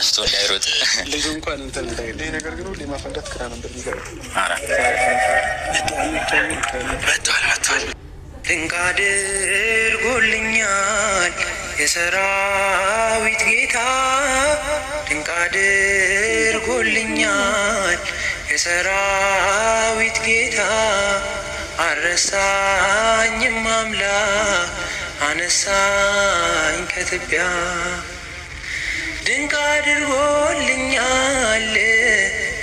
ተነስቶ እንዳይሮጥ ልጁ እንኳን እንትን ይሄ ነገር ግን ሁሌ ማፈንዳት ክራ ነበር የሚገርም ድንቅ አድርጎልኛል የሰራዊት ጌታ ድንቅ አድርጎልኛል የሰራዊት ጌታ አረሳኝም አምላክ አነሳኝ ከትቢያ ድንቅ አድርጎልኛል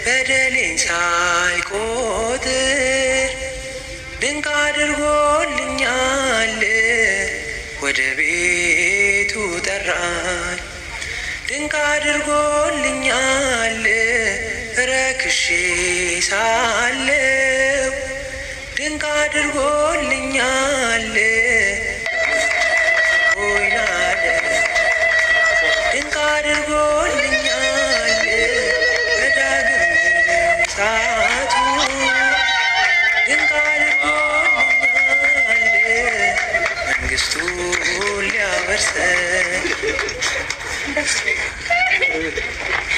በደሌን ሳይቆጥር ድንቅ አድርጎልኛል ወደ ቤቱ ጠራኝ ድንቅ አድርጎልኛል ረክሼ ሳለው ድንቅ አድርጎልኛል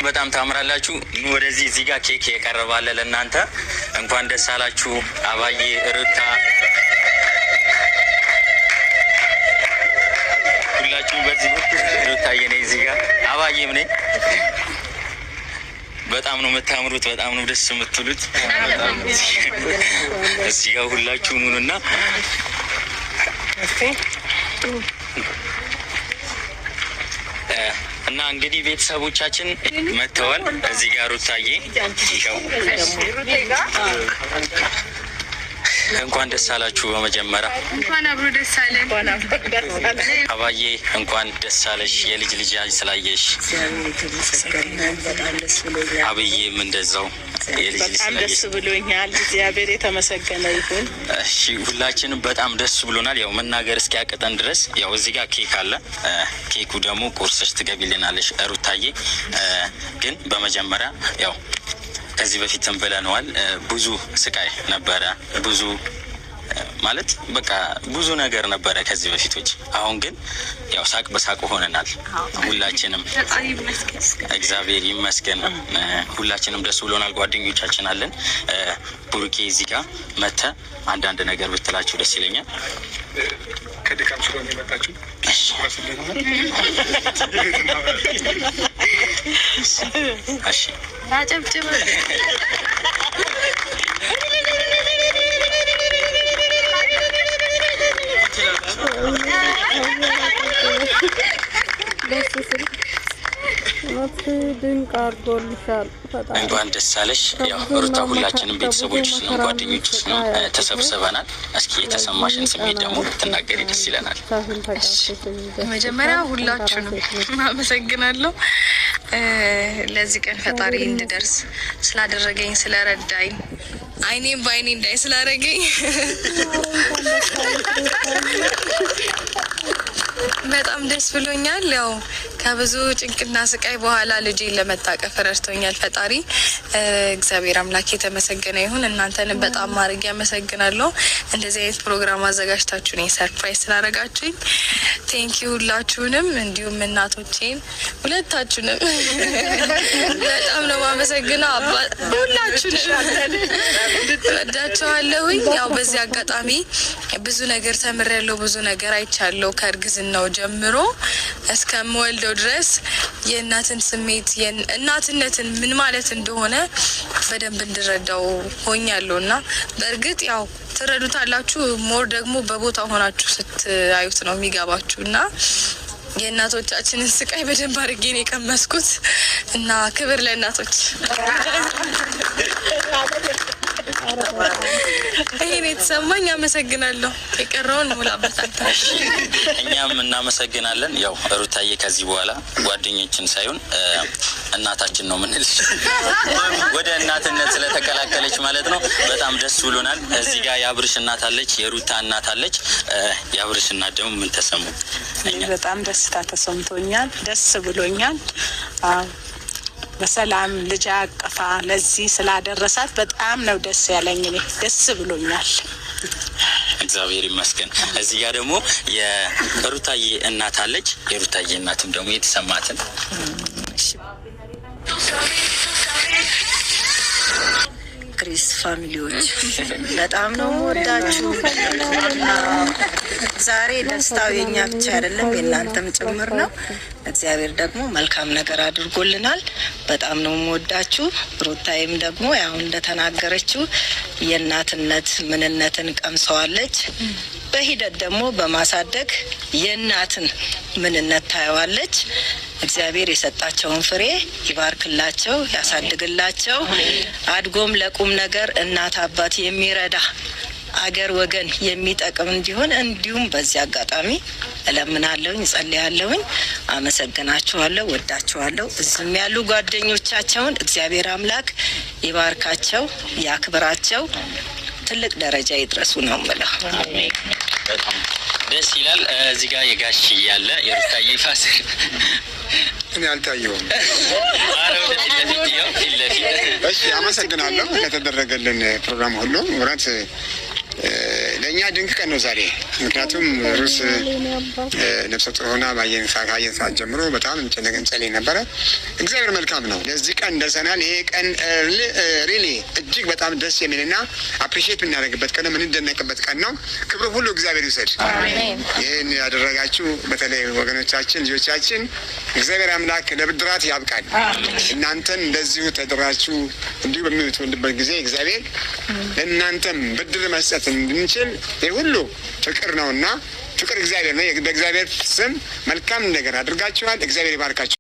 በጣም ታምራላችሁ። ወደዚህ እዚህ ጋር ኬክ የቀረባለ ለእናንተ እንኳን ደስ አላችሁ። አባዬ እርታ ሁላችሁ በዚህ ሩታዬ አልቆየም ነኝ። በጣም ነው የምታምሩት፣ በጣም ነው ደስ የምትሉት። እዚህ ጋር ሁላችሁም እና እንግዲህ ቤተሰቦቻችን መጥተዋል። እዚህ ጋር ሩታዬ እንኳን ደስ አላችሁ። በመጀመሪያ እንኳን አብሮ ደስ አለ አባዬ፣ እንኳን ደስ አለሽ የልጅ ልጅ ስላየሽ። አብዬም እንደዛው የልጅ በጣም ደስ ብሎኛል። እግዚአብሔር የተመሰገነ ይሁን። እሺ፣ ሁላችንም በጣም ደስ ብሎናል። ያው መናገር እስኪያቅጠን ድረስ ያው እዚህ ጋር ኬክ አለ። ኬኩ ደግሞ ቁርስሽ ትገቢልናለሽ ሩታዬ። ግን በመጀመሪያ ያው ከዚህ በፊት ተንበላነዋል። ብዙ ስቃይ ነበረ። ብዙ ማለት በቃ ብዙ ነገር ነበረ ከዚህ በፊቶች። አሁን ግን ያው ሳቅ በሳቅ ሆነናል። ሁላችንም እግዚአብሔር ይመስገን፣ ሁላችንም ደስ ብሎናል። ጓደኞቻችን አለን። ቡርኬ እዚህ ጋ መተ አንዳንድ ነገር ብትላችሁ ደስ ይለኛል። ከድካም ስለሆነ የመጣችሁ እሺ ድንቅ አድርጎልሻል። እንኳን ደስ አለሽ። ያው ሩታ ሁላችንም ቤተሰቦች ውስጥ ነው ጓደኞች ውስጥ ነው ተሰብስበናል። እስኪ የተሰማሽን ስሜት ደግሞ ብትናገሪ ደስ ይለናል። መጀመሪያ ሁላችሁንም አመሰግናለሁ። ለዚህ ቀን ፈጣሪ እንድደርስ ስላደረገኝ ስለረዳኝ አይኔም በአይኔ እንዳይ ስላደረገኝ በጣም ደስ ብሎኛል። ያው ከብዙ ጭንቅና ስቃይ በኋላ ልጄን ለመታቀፍ ረድቶኛል ፈጣሪ እግዚአብሔር አምላክ የተመሰገነ ይሁን። እናንተንም በጣም ማድረግ ያመሰግናለሁ። እንደዚህ አይነት ፕሮግራም አዘጋጅታችሁ ነው ሰርፕራይዝ ስላደረጋችሁኝ ቴንኪ ሁላችሁንም፣ እንዲሁም እናቶቼን ሁለታችሁንም በጣም ነው ማመሰግነው። ሁላችሁንም ወዳችኋለሁኝ። ያው በዚህ አጋጣሚ ብዙ ነገር ተምሬያለሁ፣ ብዙ ነገር አይቻለሁ ከእርግዝናው ጀምሮ እስከምወልደው ድረስ የእናትን ስሜት እናትነትን ምን ማለት እንደሆነ በደንብ እንድረዳው ሆኛለሁ እና በእርግጥ ያው ትረዱታላችሁ። ሞር ደግሞ በቦታ ሆናችሁ ስትአዩት ነው የሚገባችሁ እና የእናቶቻችንን ስቃይ በደንብ አድርጌ ነው የቀመስኩት እና ክብር ለእናቶች። ይህን የተሰማኝ አመሰግናለሁ። የቀረውን ሙላበታታሽ። እኛም እናመሰግናለን። ያው ሩታዬ ከዚህ በኋላ ጓደኞችን ሳይሆን እናታችን ነው ምንልሽ፣ ወደ እናትነት ስለተቀላቀለች ማለት ነው። በጣም ደስ ብሎናል። እዚህ ጋር የአብርሽ እናት አለች፣ የሩታ እናት አለች። የአብርሽ እናት ደግሞ ምን ተሰሙ? በጣም ደስታ ተሰምቶኛል፣ ደስ ብሎኛል። በሰላም ልጅ አቅፋ ለዚህ ስላደረሳት በጣም ነው ደስ ያለኝ። እኔ ደስ ብሎኛል። እግዚአብሔር ይመስገን። እዚህ ጋር ደግሞ የሩታዬ እናት አለች። የሩታዬ እናትም ደግሞ የተሰማትን ፋሚሊዎች በጣም ነው ወዳችሁ። ዛሬ ደስታው የኛ ብቻ አይደለም የእናንተም ጭምር ነው። እግዚአብሔር ደግሞ መልካም ነገር አድርጎልናል። በጣም ነው ወዳችሁ። ሩታይም ደግሞ ያው እንደተናገረችው የእናትነት ምንነትን ቀምሰዋለች። በሂደት ደግሞ በማሳደግ የእናትን ምንነት ታየዋለች። እግዚአብሔር የሰጣቸውን ፍሬ ይባርክላቸው፣ ያሳድግላቸው። አድጎም ለቁም ነገር እናት አባት የሚረዳ አገር ወገን የሚጠቅም እንዲሆን እንዲሁም በዚህ አጋጣሚ እለምናለሁኝ፣ እጸልያለሁኝ። አመሰግናችኋለሁ፣ ወዳችኋለሁ። እዚህም ያሉ ጓደኞቻቸውን እግዚአብሔር አምላክ ይባርካቸው፣ ያክብራቸው። ትልቅ ደረጃ ይድረሱ ነው የምለው። ደስ ይላል። እዚህ ጋር የጋሽ እያለ የሩታዬ ፋስ እኔ አልታየሁም። አመሰግናለሁ ለተደረገልን ፕሮግራም ሁሉ እውነት ለእኛ ድንቅ ቀን ነው ዛሬ። ምክንያቱም ሩስ ነፍሰ ጡር ሆና ባየን ሰዓት ጀምሮ በጣም እንጨነቅን ጸልይ ነበረ። እግዚአብሔር መልካም ነው። ለዚህ ቀን ደርሰናል። ይሄ ቀን ሪሊ እጅግ በጣም ደስ የሚልና አፕሪሺየት የምናደርግበት ቀን ነው፣ የምንደነቅበት ቀን ነው። ክብሩ ሁሉ እግዚአብሔር ይውሰድ። ይህን ያደረጋችሁ በተለይ ወገኖቻችን፣ ልጆቻችን እግዚአብሔር አምላክ ለብድራት ያብቃል። እናንተን እንደዚሁ ተድራችሁ እንዲሁ በሚትወልበት ጊዜ እግዚአብሔር ለእናንተም ብድር መስጠት እንድንችል ይህ ሁሉ ፍቅር ነውና ፍቅር እግዚአብሔር ነው። በእግዚአብሔር ስም መልካም ነገር አድርጋችኋል። እግዚአብሔር ይባርካችሁ።